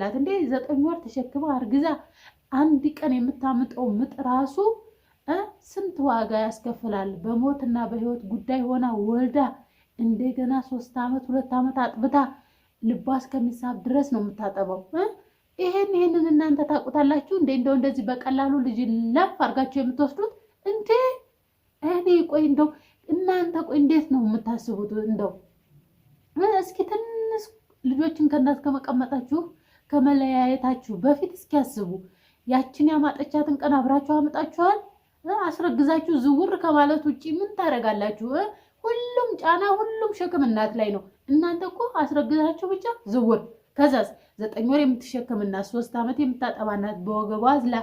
ላት እንዴ ዘጠኝ ወር ተሸክማ አርግዛ አንድ ቀን የምታምጠው ምጥ ራሱ ስንት ዋጋ ያስከፍላል። በሞትና በህይወት ጉዳይ ሆና ወልዳ እንደገና ሶስት ዓመት ሁለት ዓመት አጥብታ ልቧ እስከሚሳብ ድረስ ነው የምታጠበው። ይሄን ይሄንን እናንተ ታውቁታላችሁ እንዴ? እንደው እንደዚህ በቀላሉ ልጅ ለፍ አድርጋችሁ የምትወስዱት እንዴ? እኔ ቆይ እንደው እናንተ ቆይ እንዴት ነው የምታስቡት? እንደው እስኪ ትንሽ ልጆችን ከእናት ከመቀመጣችሁ ከመለያየታችሁ በፊት እስኪያስቡ ያችን ያማጠቻትን ቀን አብራችሁ አምጣችኋል። አስረግዛችሁ ዝውር ከማለት ውጭ ምን ታደርጋላችሁ? ሁሉም ጫና፣ ሁሉም ሸክም እናት ላይ ነው። እናንተ እኮ አስረግዛችሁ ብቻ ዝውር። ከዛስ ዘጠኝ ወር የምትሸከምናት ሶስት ዓመት የምታጠባናት በወገቧ አዝላ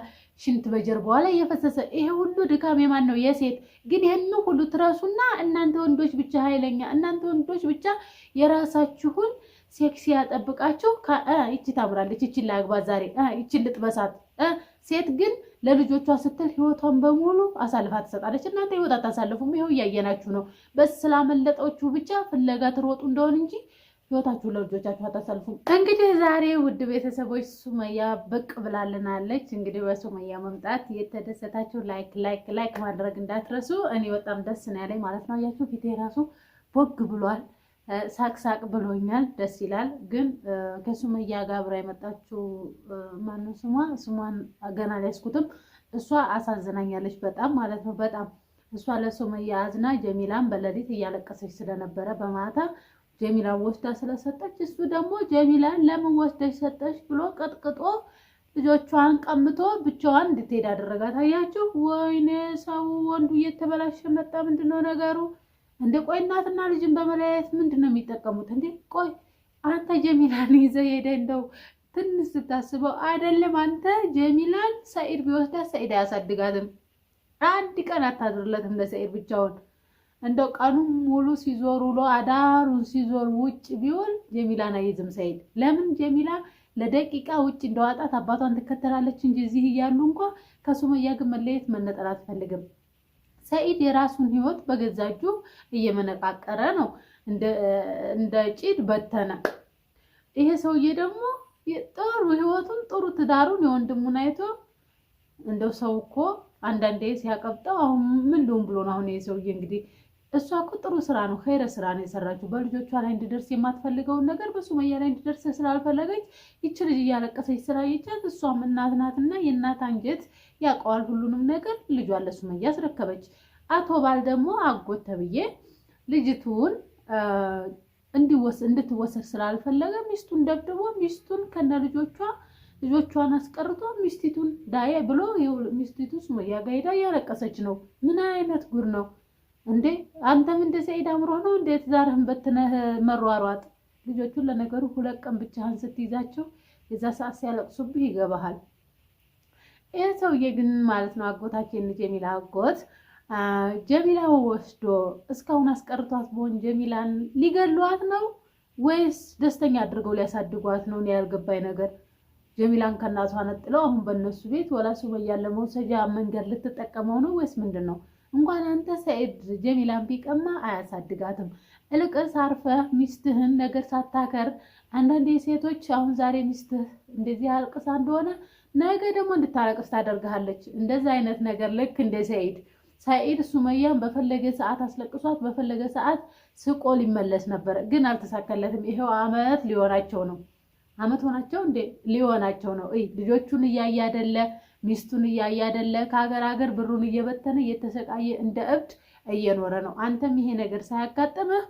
ሽንት በጀርባዋ ላይ የፈሰሰ ይሄ ሁሉ ድካም የማን ነው? የሴት ግን ይህን ሁሉ ትረሱና እናንተ ወንዶች ብቻ ኃይለኛ፣ እናንተ ወንዶች ብቻ የራሳችሁን ሴክሲ ያጠብቃችሁ። ይቺ ታምራለች፣ ይቺን ላግባት ዛሬ፣ ይቺን ልጥበሳት። ሴት ግን ለልጆቿ ስትል ህይወቷን በሙሉ አሳልፋ ትሰጣለች። እናንተ ህይወት አታሳልፉም። ይኸው እያየናችሁ ነው። ስላመለጠችሁ ብቻ ፍለጋ ትሮጡ እንደሆን እንጂ ህይወታችሁ ለልጆቻችሁ አታሳልፉም። እንግዲህ ዛሬ ውድ ቤተሰቦች ሱመያ ብቅ ብላልናለች። እንግዲህ በሱመያ መምጣት የተደሰታችሁ ላይክ ላይክ ላይክ ማድረግ እንዳትረሱ። እኔ በጣም ደስ ነው ያለኝ ማለት ነው። እያችሁ ፊቴ ራሱ ቦግ ብሏል። ሳቅሳቅ ብሎኛል። ደስ ይላል። ግን ከሱመያ ጋር አብራ የመጣችው ማነው ስሟ? ስሟን ገና አልያዝኩትም። እሷ አሳዝናኛለች በጣም ማለት ነው። በጣም እሷ ለሱመያ አዝና ጀሚላን በሌሊት እያለቀሰች ስለነበረ በማታ ጀሚላን ወስዳ ስለሰጠች እሱ ደግሞ ጀሚላን ለምን ወስደች ሰጠች ብሎ ቀጥቅጦ ልጆቿን ቀምቶ ብቻዋን እንድትሄድ አደረጋት። አያችሁ? ወይኔ ሰው ወንዱ እየተበላሸ መጣ። ምንድነው ነገሩ? እንደ ቆይ እናትና ልጅን በመለያየት ምንድን ነው የሚጠቀሙት? እንዴ ቆይ አንተ ጀሚላን ይዘ ሄደ እንደው ትንሽ ስታስበው አይደለም አንተ ጀሚላን ሰኢድ ቢወስዳ ሰኢድ አያሳድጋትም። አንድ ቀን አታድርለትም ለሰኢድ ብቻውን። እንደው ቀኑን ሙሉ ሲዞር ውሎ አዳሩን ሲዞር ውጭ ቢውል ጀሚላን አይዝም ሰኢድ። ለምን ጀሚላ ለደቂቃ ውጭ እንደዋጣት አባቷን ትከተላለች እንጂ እዚህ እያሉ እንኳ ከሱመያ ግን መለየት መነጠል አትፈልግም። ሰኢድ የራሱን ህይወት በገዛ እጁ እየመነቃቀረ ነው። እንደ ጭድ በተነ። ይሄ ሰውዬ ደግሞ ጥሩ ህይወቱን ጥሩ ትዳሩን የወንድሙን አይቶ እንደው ሰው እኮ አንዳንዴ ሲያቀብጠው አሁን ምን ልሁን ብሎ ነው አሁን ይሄ ሰውዬ እንግዲህ እሷ እኮ ጥሩ ስራ ነው ኸይረ ስራ ነው የሰራችው። በልጆቿ ላይ እንድደርስ የማትፈልገውን ነገር በሱመያ ላይ እንድደርስ ስላልፈለገች ይች ልጅ እያለቀሰች ስላየቻት እሷም እናት ናትና የእናት አንጀት ያውቀዋል ሁሉንም ነገር ልጇን ለሱመያ አስረከበች። አቶ ባል ደግሞ አጎት ተብዬ ልጅቱን እንድትወሰድ ስላልፈለገ ሚስቱን ደብድቦ ሚስቱን ከነ ልጆቿ ልጆቿን አስቀርቶ ሚስቲቱን ዳየ ብሎ ሚስቲቱ ሱመያ ጋ ሄዳ እያለቀሰች ነው። ምን አይነት ጉድ ነው? እንዴ አንተም እንደ አይድ አምሮ ነው እንደ ትዳርህን በትነህ መሯሯጥ። ልጆቹን ለነገሩ ሁለት ቀን ብቻህን ስትይዛቸው የዛ ሰዓት ሲያለቅሱብህ ይገባሃል። ይህ ሰውዬ ግን ማለት ነው አጎታችን ጀሚላ አጎት ጀሚላ ወስዶ እስካሁን አስቀርቷት በሆን ጀሚላን ሊገሏት ነው ወይስ ደስተኛ አድርገው ሊያሳድጓት ነው? ያልገባኝ ነገር ጀሚላን ከእናቷ ነጥለው አሁን በእነሱ ቤት ወላ ሱመያን ለመውሰጃ መንገድ ልትጠቀመው ነው ወይስ ምንድን ነው? እንኳን አንተ ሰኢድ ጀሚላን ቢቀማ አያሳድጋትም። እልቅስ አርፈህ ሚስትህን ነገር ሳታከር አንዳንድ ሴቶች አሁን ዛሬ ሚስትህ እንደዚህ አልቅሳ እንደሆነ ነገ ደግሞ እንድታለቅስ ታደርግሃለች። እንደዚህ አይነት ነገር ልክ እንደ ሰኢድ ሰኢድ ሱመያን በፈለገ ሰዓት አስለቅሷት በፈለገ ሰዓት ስቆ ሊመለስ ነበር፣ ግን አልተሳካለትም። ይሄው አመት ሊሆናቸው ነው። አመት ሆናቸው እንዴ ሊሆናቸው ነው። እይ ልጆቹን እያየ ሚስቱን እያየ ከሀገር ሀገር ብሩን እየበተነ እየተሰቃየ እንደ እብድ እየኖረ ነው። አንተም ይሄ ነገር ሳያጋጥምህ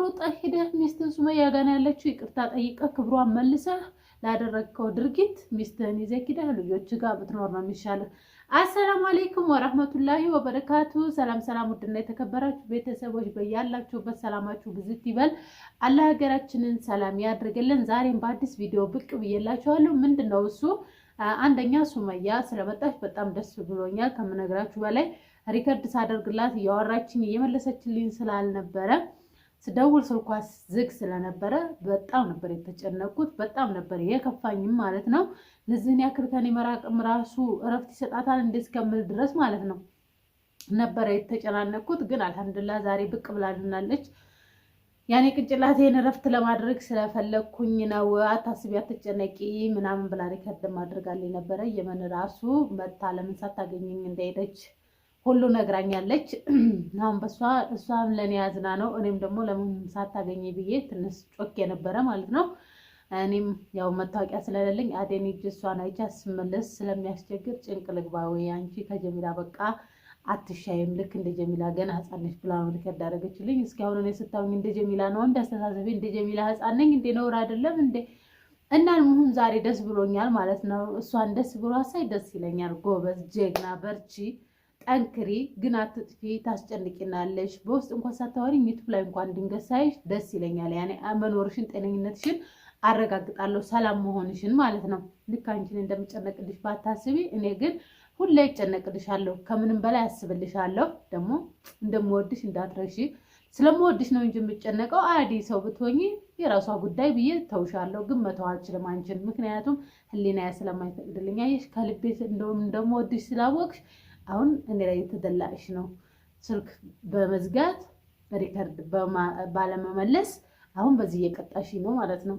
ሩጠህ ሂደህ ሚስትህ ሱመያ ጋር ያለችው ይቅርታ ጠይቀህ ክብሯን መልሰህ ላደረግከው ድርጊት ሚስትህን ይዘህ ሂደህ ልጆች ጋር ብትኖር ነው የሚሻልህ። አሰላሙ አሌይኩም ወረህመቱላሂ ወበረካቱ። ሰላም ሰላም፣ ውድና የተከበራችሁ ቤተሰቦች በያላችሁበት ሰላማችሁ ብዙት ይበል። አለ ሀገራችንን ሰላም ያድርግልን። ዛሬም በአዲስ ቪዲዮ ብቅ ብዬላችኋለሁ። ምንድን ነው እሱ? አንደኛ ሱመያ ስለመጣች በጣም ደስ ብሎኛል። ከምነግራችሁ በላይ ሪከርድ ሳደርግላት እያወራችን እየመለሰችልኝ ስላልነበረ ስደውል ስልኳ ዝግ ስለነበረ በጣም ነበር የተጨነኩት። በጣም ነበር የከፋኝም ማለት ነው። ለዚህን ያክል ከኔ መራቅም ራሱ እረፍት ይሰጣታል እንዴ እስከምል ድረስ ማለት ነው ነበረ የተጨናነኩት። ግን አልሐምዱላ ዛሬ ብቅ ብላልናለች። ያኔ ቅንጭላቴን እረፍት ለማድረግ ስለፈለግኩኝ ነው። አታስቢ፣ አትጨነቂ ምናምን ብላ ሪከርድ ማድረግ ነበረ። የመን ራሱ መታ ለምን ሳታገኘኝ እንደሄደች ሁሉ ነግራኛለች። አሁን በሷ እሷም ለእኔ ያዝና ነው እኔም ደግሞ ለምን ሳታገኘ ብዬ ትንሽ ጮክ የነበረ ማለት ነው። እኔም ያው መታወቂያ ስለሌለኝ አዴን እጅ እሷን ስመለስ ስለሚያስቸግር ጭንቅ ልግባ ወይ አንቺ ከጀሚላ በቃ አትሻይም ልክ እንደ ጀሚላ ገና ህፃን ነች ብላ ነው ልክ ያዳረገችልኝ። እስኪ አሁን እኔ ስታውኝ እንደ ጀሚላ ነው እንደ አስተሳሰቤ እንደ ጀሚላ ህፃን ነኝ እንደ ነውር አይደለም እንደ እና ምንም ዛሬ ደስ ብሎኛል ማለት ነው። እሷን ደስ ብሎ ሳይ ደስ ይለኛል። ጎበዝ ጀግና በርቺ ጠንክሪ፣ ግን አትጥፊ። ታስጨንቂናለሽ። በውስጥ እንኳን ሳታወሪ ዩቱብ ላይ እንኳን ድንገት ሳይሽ ደስ ይለኛል። ያኔ መኖርሽን፣ ጤነኝነትሽን አረጋግጣለሁ፣ ሰላም መሆንሽን ማለት ነው። ልክ አንቺን እንደምጨነቅልሽ ባታስቢ፣ እኔ ግን ሁሌ ይጨነቅልሻለሁ። ከምንም በላይ አስብልሻለሁ። ደግሞ እንደምወድሽ እንዳትረሺ። ስለምወድሽ ነው እንጂ የምጨነቀው አዲ ሰው ብትሆኝ የራሷ ጉዳይ ብዬ ተውሻለሁ፣ ግን መተው አልችልም አንቺን። ምክንያቱም ህሊናዬ ስለማይፈቅድልኝ አየሽ፣ ከልቤ እንደምወድሽ ስላወቅሽ አሁን እኔ ላይ የተደላሽ ነው። ስልክ በመዝጋት ሪከርድ ባለመመለስ አሁን በዚህ እየቀጣሽ ነው ማለት ነው።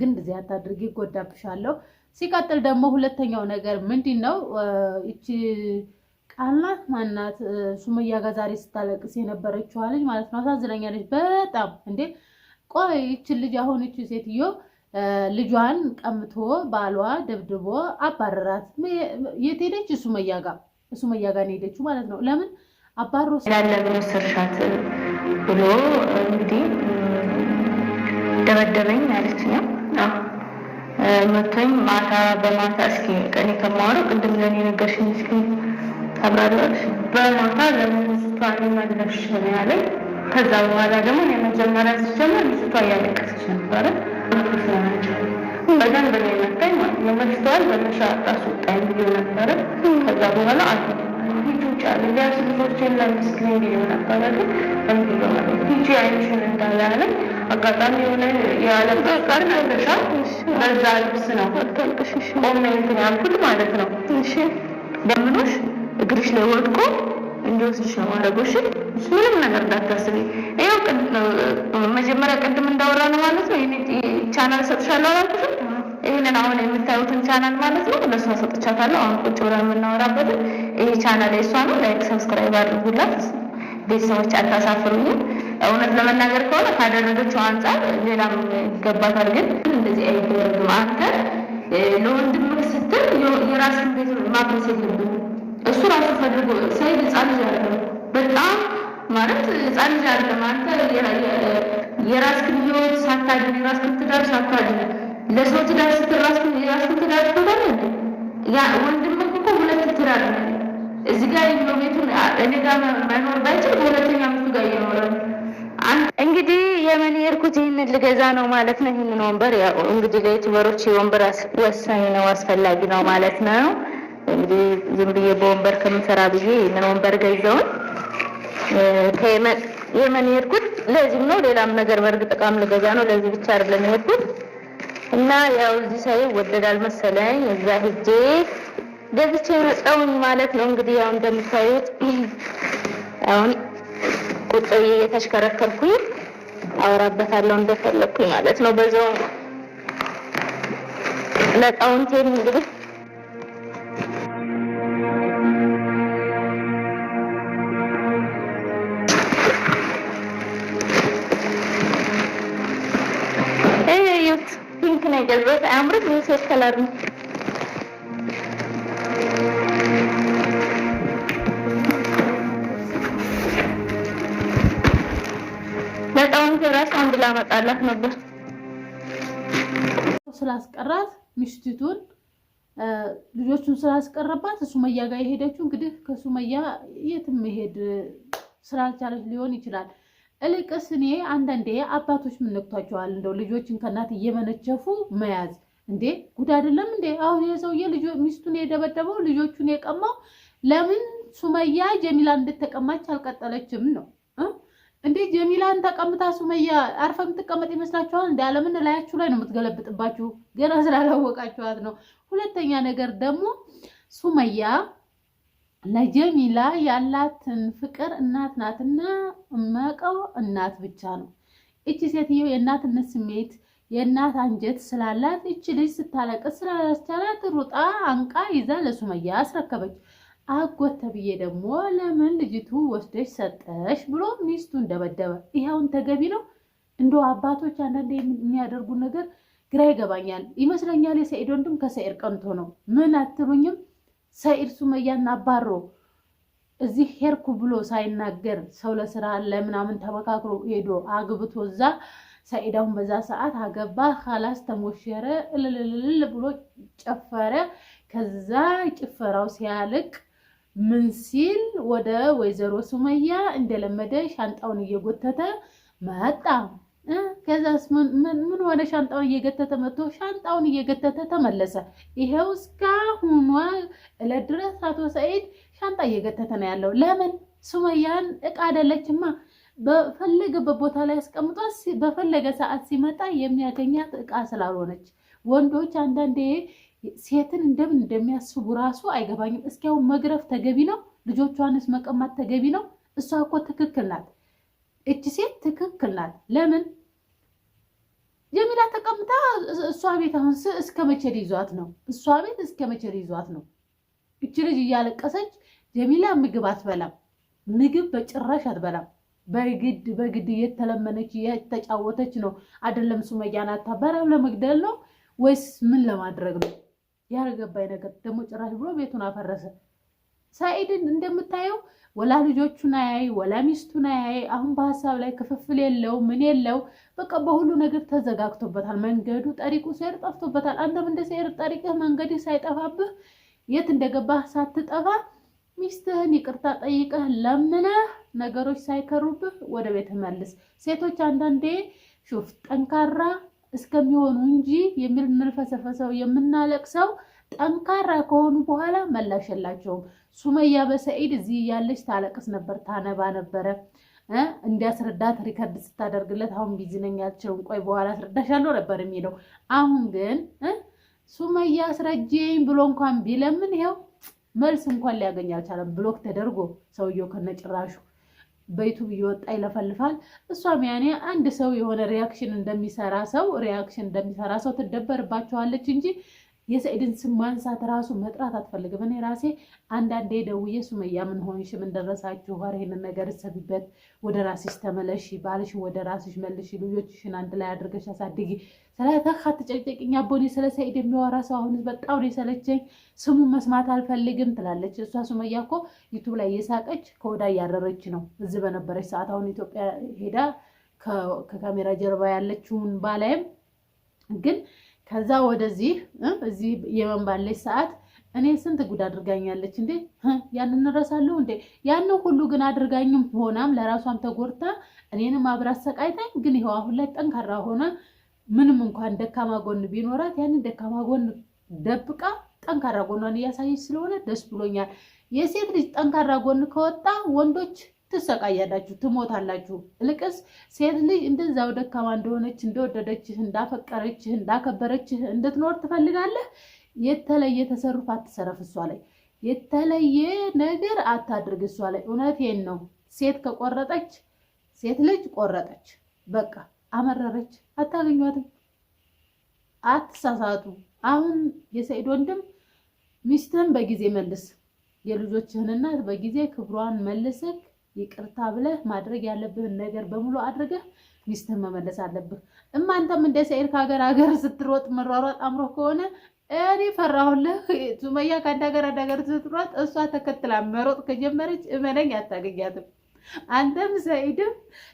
ግን እንደዚህ አታድርጊ፣ ጎዳብሻለሁ። ሲቀጥል ደግሞ ሁለተኛው ነገር ምንድን ነው? ይቺ ቃላት ማናት? ሱመያ ጋ ዛሬ ስታለቅስ የነበረችዋ ልጅ ማለት ነው። አሳዝነኛለች። በጣም እንዴ! ቆይ ይቺ ልጅ አሁን ይቺ ሴትዮ ልጇን ቀምቶ ባሏ ደብድቦ አባረራት። የት ሄደች? ሱመያ ሱመያ ጋር ሄደችው ማለት ነው። ለምን አባሮ ስርሻት ብሎ እንግዲህ ደበደበኝ አለችኛ። መቶኝ ማታ በማታ እስኪ ቀኔ ከማወረው ቅድም ለን የነገርሽን እስኪ ታብራሪዎች በማታ ለምን ልጅቷን መለሽ ነው ያለኝ። ከዛ በኋላ ደግሞ የመጀመሪያ ሲጀመር ልጅቷ እያለቀሰች ነበረ። በዛን በላይ መታኝ ማለት ነው። መስተዋል በመሻ አስወጣኝ ብሎ ነበረ በኋላ ውጭ ጫል ቢያንስ ልጆቼን ላመስግን ብዬው ነበረ፣ ግን እንዲ ሆነ ሂጂ አይንሽን አጋጣሚ የሆነ የዓለም ቀር ነበሻ በዛ ልብስ ነው ቆሜ ያልኩት ማለት ነው። ደምኖሽ እግርሽ ላይ ወድቆ እንዲወስድሽ ነው ማድረጎሽ። ምንም ነገር እንዳታስቢ። ያው መጀመሪያ ቅድም እንዳወራ ነው ማለት ነው። ቻናል ሰጥሻለሁ አላልኩሽም? ይህንን አሁን የምታዩትን ቻናል ማለት ነው ለእሷ ሰጥቻታለሁ። አሁን ቁጭ ብለን የምናወራበትን ይሄ ቻናል የእሷ ነው። ላይክ ሰብስክራይብ አድርጉላት። ቤተሰቦች አታሳፍሩኝም። እውነት ለመናገር ከሆነ ካደረገችው አንጻር ሌላም ይገባታል፣ ግን እንደዚህ አይደረግም። አንተ ለወንድምህ ስትል የራስን ቤት ማፍረስ የለብህም። እሱ ራሱ ፈልጎ ሳይድ ህፃን ልጅ አለ በጣም ማለት ህፃን ልጅ አለ አንተ የራስክን ህይወት ሳታድን የራስክን ትዳር ሳታድን ለሰው ትዳር ስትራሱ የራሱን ትዳር ትሆናል ያ ወንድምህ እኮ ሁለት ትዳር ነው። እዚህ ጋር የቤቱን እኔ ጋር መኖር ባይችል በሁለተኛ ምስቱ ጋር እየኖረ እንግዲህ የመን የርኩት ይህንን ልገዛ ነው ማለት ነው። ይህንን ወንበር ያው እንግዲህ ለዩቱበሮች የወንበር ወሳኝ ነው አስፈላጊ ነው ማለት ነው። እንግዲህ ዝም ብዬ በወንበር ከምሰራ ብዬ ይህንን ወንበር ገዛውን ከየመን የርኩት ለዚህም ነው። ሌላም ነገር በእርግጥ ጠቃም ልገዛ ነው። ለዚህ ብቻ አይደለም የሄድኩት እና ያው እዚህ ሳይ ወደዳል መሰለኝ እዛ ሄጄ ገዝቼ ረጻውኝ ማለት ነው። እንግዲህ ያው እንደምታዩት አሁን ቁጭ ብዬ እየተሽከረከርኩኝ አወራበታለሁ እንደፈለግኩኝ ማለት ነው። በዛው ለጣውንቴም እንግዲህ ሶስት ከለር ነው። ነፃውን ራሱ አንድ ላመጣላት ነበር ስላስቀራት ሚስቲቱን ልጆቹን ስላስቀረባት ሱመያ ጋር የሄደችው እንግዲህ ከሱመያ የትም መሄድ ስላልቻለች ሊሆን ይችላል። እልቅስ እኔ አንዳንዴ አባቶች ምንነቅቷቸዋል እንደው ልጆችን ከእናት እየመነቸፉ መያዝ እንዴ ጉድ አይደለም እንዴ? አሁን የሰውዬ ሚስቱን የደበደበው ልጆቹን የቀማው ለምን ሱመያ ጀሚላን እንድትቀማች አልቀጠለችም ነው እንዴ? ጀሚላን ተቀምታ ሱመያ አርፈ የምትቀመጥ ይመስላችኋል? እንደ አለምን ላያችሁ ላይ ነው የምትገለብጥባችሁ፣ ገና ስላላወቃችኋት ነው። ሁለተኛ ነገር ደግሞ ሱመያ ለጀሚላ ያላትን ፍቅር እናት ናትና እናት ብቻ ነው። እቺ ሴትዮ የእናትነት ስሜት የእናት አንጀት ስላላት እች ልጅ ስታለቅስ ስላላስቻላት ሩጣ አንቃ ይዛ ለሱመያ አስረከበች። አጎት ተብዬ ደግሞ ለምን ልጅቱ ወስደሽ ሰጠሽ ብሎ ሚስቱ እንደበደበ ይኸውን ተገቢ ነው። እንደ አባቶች አንዳንድ የሚያደርጉ ነገር ግራ ይገባኛል። ይመስለኛል የሰኢድ ወንድም ከሰኢድ ቀንቶ ነው። ምን አትሉኝም? ሰኢድ ሱመያን አባሮ እዚህ ሄርኩ ብሎ ሳይናገር ሰው ለስራ ለምናምን ተመካክሮ ሄዶ አግብቶ እዛ ሰኢድ አሁን በዛ ሰዓት አገባ ካላስ ተሞሸረ እልልልል ብሎ ጨፈረ። ከዛ ጭፈራው ሲያልቅ ምን ሲል ወደ ወይዘሮ ሱመያ እንደለመደ ሻንጣውን እየጎተተ መጣ። ከዛ ምን ሆነ? ሻንጣውን እየገተተ መጥቶ ሻንጣውን እየገተተ ተመለሰ። ይሄው እስካሁኗ ዕለት ድረስ አቶ ሰኢድ ሻንጣ እየገተተ ነው ያለው። ለምን ሱመያን እቃ አይደለችማ በፈለገበት ቦታ ላይ አስቀምጦ በፈለገ ሰዓት ሲመጣ የሚያገኛት እቃ ስላልሆነች ወንዶች አንዳንዴ ሴትን እንደምን እንደሚያስቡ ራሱ አይገባኝም። እስኪ መግረፍ ተገቢ ነው? ልጆቿንስ መቀማት ተገቢ ነው? እሷ እኮ ትክክል ናት። እች ሴት ትክክል ናት። ለምን ጀሚላ ተቀምጣ እሷ ቤት አሁን እስከ መቼ ይዟት ነው? እሷ ቤት እስከ መቼ ይዟት ነው? እች ልጅ እያለቀሰች ጀሚላ ምግብ አትበላም። ምግብ በጭራሽ አትበላም። በግድ በግድ እየተለመነች እየተጫወተች ነው አይደለም? ሱመያ ናታ በራብ ለመግደል ነው ወይስ ምን ለማድረግ ነው? ያልገባኝ ነገር ደግሞ ጭራሽ ብሎ ቤቱን አፈረሰ። ሳኢድን እንደምታየው ወላ ልጆቹን አያይ ወላ ሚስቱን አያይ። አሁን በሀሳብ ላይ ክፍፍል የለው ምን የለው በቃ በሁሉ ነገር ተዘጋግቶበታል። መንገዱ ጠሪቁ ሴር ጠፍቶበታል። አንተም እንደ ሴር ጠሪቅህ መንገድ ሳይጠፋብህ የት እንደገባህ ሳትጠፋ ሚስትህን ይቅርታ ጠይቀህ ለምነህ ነገሮች ሳይከሩብህ ወደ ቤት መልስ። ሴቶች አንዳንዴ ሹፍ ጠንካራ እስከሚሆኑ እንጂ የሚል ምንፈሰፈሰው የምናለቅሰው ጠንካራ ከሆኑ በኋላ መላሽ የላቸውም። ሱመያ በሰኢድ እዚህ እያለች ታለቅስ ነበር፣ ታነባ ነበረ። እንዲያስረዳት ሪከርድ ስታደርግለት አሁን ቢዚ ነኝ ቆይ በኋላ አስረዳሻለሁ ነበር የሚለው። አሁን ግን ሱመያ አስረጄኝ ብሎ እንኳን ቢለምን ይኸው መልስ እንኳን ሊያገኝ አልቻለም። ብሎክ ተደርጎ ሰውየው ከነጭራሹ በዩቱብ እየወጣ ይለፈልፋል። እሷም ያኔ አንድ ሰው የሆነ ሪያክሽን እንደሚሰራ ሰው ሪያክሽን እንደሚሰራ ሰው ትደበርባቸዋለች እንጂ የሰኢድን ስም ማንሳት ራሱ መጥራት አትፈልግም። እኔ ራሴ አንዳንዴ ደውዬ ሱመያ ምን ሆንሽ? ምን ደረሳችሁ? ኧረ ይሄንን ነገር እሰቢበት፣ ወደ ራስሽ ተመለሺ፣ ባልሽ ወደ ራስሽ መልሽ፣ ልጆችሽን አንድ ላይ አድርገሽ አሳድጊ። ስለተካ ትጨቅጨቅኝ አቦኔ ስለ ሰኢድ የሚዋራ ሰው አሁን በጣም ነው የሰለቸኝ፣ ስሙን መስማት አልፈልግም ትላለች። እሷ ሱመያ እኮ ዩቱብ ላይ እየሳቀች ከወዳ እያረረች ነው። እዚህ በነበረች ሰዓት አሁን ኢትዮጵያ ሄዳ ከካሜራ ጀርባ ያለችውን ባላይም ግን ከዛ ወደዚህ እዚህ የመን ባለች ሰዓት እኔ ስንት ጉድ አድርጋኛለች እንዴ! ያን እንረሳለሁ እንዴ? ያንን ሁሉ ግን አድርጋኝም ሆናም ለራሷም ተጎድታ እኔንም አብራት ሰቃይታኝ፣ ግን ይኸው አሁን ላይ ጠንካራ ሆና ምንም እንኳን ደካማ ጎን ቢኖራት ያንን ደካማ ጎን ደብቃ ጠንካራ ጎኗን እያሳየች ስለሆነ ደስ ብሎኛል። የሴት ልጅ ጠንካራ ጎን ከወጣ ወንዶች ትሰቃያላችሁ፣ ትሞታላችሁ። ልቅስ ሴት ልጅ እንደዛው ደካማ እንደሆነች እንደወደደችህ፣ እንዳፈቀረችህ፣ እንዳከበረችህ እንድትኖር ትፈልጋለህ። የተለየ ተሰርፍ አትሰረፍ፣ እሷ ላይ የተለየ ነገር አታድርግ እሷ ላይ። እውነቴን ነው። ሴት ከቆረጠች ሴት ልጅ ቆረጠች፣ በቃ አመረረች፣ አታገኟትም። አትሳሳቱ። አሁን የሰኢድ ወንድም ሚስትህን በጊዜ መልስ፣ የልጆችህንና በጊዜ ክብሯን መልሰህ ይቅርታ ብለህ ማድረግ ያለብህን ነገር በሙሉ አድርገህ ሚስትህን መመለስ አለብህ። አንተም እንደ ሰኤል ከሀገር ሀገር ስትሮጥ መሯሯጥ አምሮ ከሆነ እኔ ፈራሁልህ። ሱመያ ከአንድ ሀገር አንድ ሀገር ስትሯጥ እሷ ተከትላ መሮጥ ከጀመረች እመነኝ አታገኛትም። አንተም ሰኢድም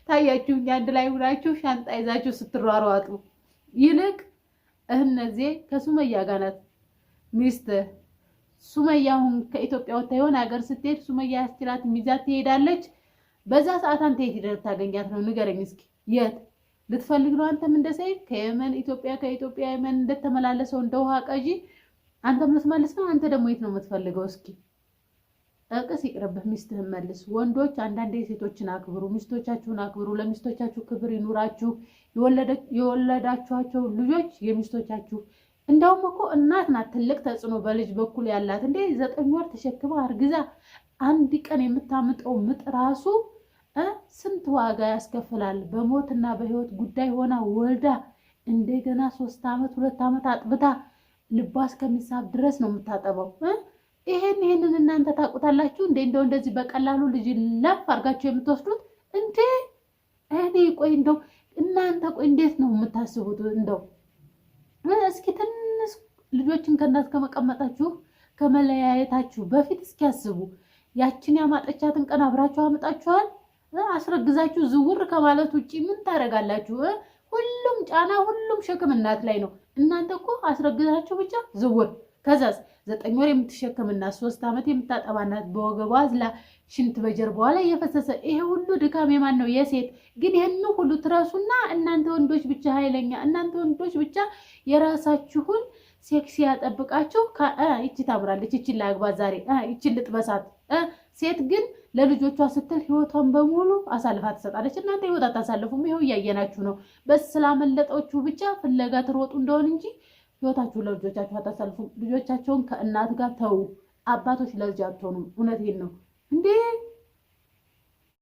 ታያችሁኝ፣ አንድ ላይ ሁናችሁ ሻንጣ ይዛችሁ ስትሯሯጡ። ይልቅ እህነዜ ከሱመያ ጋር ናት ሚስትህ ሱመያ አሁን ከኢትዮጵያ ወታ የሆነ ሀገር ስትሄድ ሱመያ ያስችላት ሚዛት ትሄዳለች። በዛ ሰዓት አንተ የት ሄደህ ታገኛት ነው? ንገረኝ እስኪ የት ልትፈልግ ነው? አንተም እንደ ከየመን ኢትዮጵያ፣ ከኢትዮጵያ የመን እንደተመላለሰው እንደ ውሃ ቀዢ አንተም ልትመልስ ነው? አንተ ደግሞ የት ነው የምትፈልገው? እስኪ ጠቅስ ይቅርብህ፣ ሚስትህን መልስ። ወንዶች አንዳንዴ ሴቶችን አክብሩ፣ ሚስቶቻችሁን አክብሩ። ለሚስቶቻችሁ ክብር ይኑራችሁ። የወለዳችኋቸው ልጆች የሚስቶቻችሁ እንደውም እኮ እናት ናት ትልቅ ተጽዕኖ በልጅ በኩል ያላት። እንዴ ዘጠኝ ወር ተሸክማ አርግዛ አንድ ቀን የምታምጠው ምጥ ራሱ ስንት ዋጋ ያስከፍላል። በሞትና በህይወት ጉዳይ ሆና ወልዳ እንደገና ሶስት ዓመት ሁለት ዓመት አጥብታ ልቧ እስከሚሳብ ድረስ ነው የምታጠበው። ይሄን ይሄንን እናንተ ታውቁታላችሁ እንዴ? እንደው እንደዚህ በቀላሉ ልጅ ለፍ አድርጋችሁ የምትወስዱት እንዴ? እኔ ቆይ እንደው እናንተ ቆይ እንዴት ነው የምታስቡት? እንደው እስኪ ትን ልጆችን ከእናት ከመቀመጣችሁ ከመለያየታችሁ በፊት እስኪያስቡ ያችን ያማጠቻትን ቀን አብራችሁ አምጣችኋል። አስረግዛችሁ ዝውር ከማለት ውጭ ምን ታደርጋላችሁ? ሁሉም ጫና፣ ሁሉም ሸክም እናት ላይ ነው። እናንተ እኮ አስረግዛችሁ ብቻ ዝውር። ከዛስ ዘጠኝ ወር የምትሸክምና ሶስት ዓመት የምታጠባናት በወገቧ አዝላ ሽንት በጀርባዋ ላይ እየፈሰሰ ይሄ ሁሉ ድካም የማን ነው? የሴት ግን ይህን ሁሉ ትረሱና እናንተ ወንዶች ብቻ ኃይለኛ፣ እናንተ ወንዶች ብቻ የራሳችሁን ሴክሲ ያጠብቃችሁ። ይቺ ታምራለች፣ ይቺ ላግባት ዛሬ፣ ይቺ ልጥበሳት። ሴት ግን ለልጆቿ ስትል ህይወቷን በሙሉ አሳልፋ ትሰጣለች። እናንተ ህይወት አታሳልፉም። ይኸው እያየናችሁ ነው። ስላመለጠችሁ ብቻ ፍለጋ ትሮጡ እንደሆን እንጂ ህይወታችሁ ለልጆቻችሁ አታሳልፉም። ልጆቻቸውን ከእናት ጋር ተዉ። አባቶች ለልጅ አትሆኑም። እውነቴን ነው እንዴ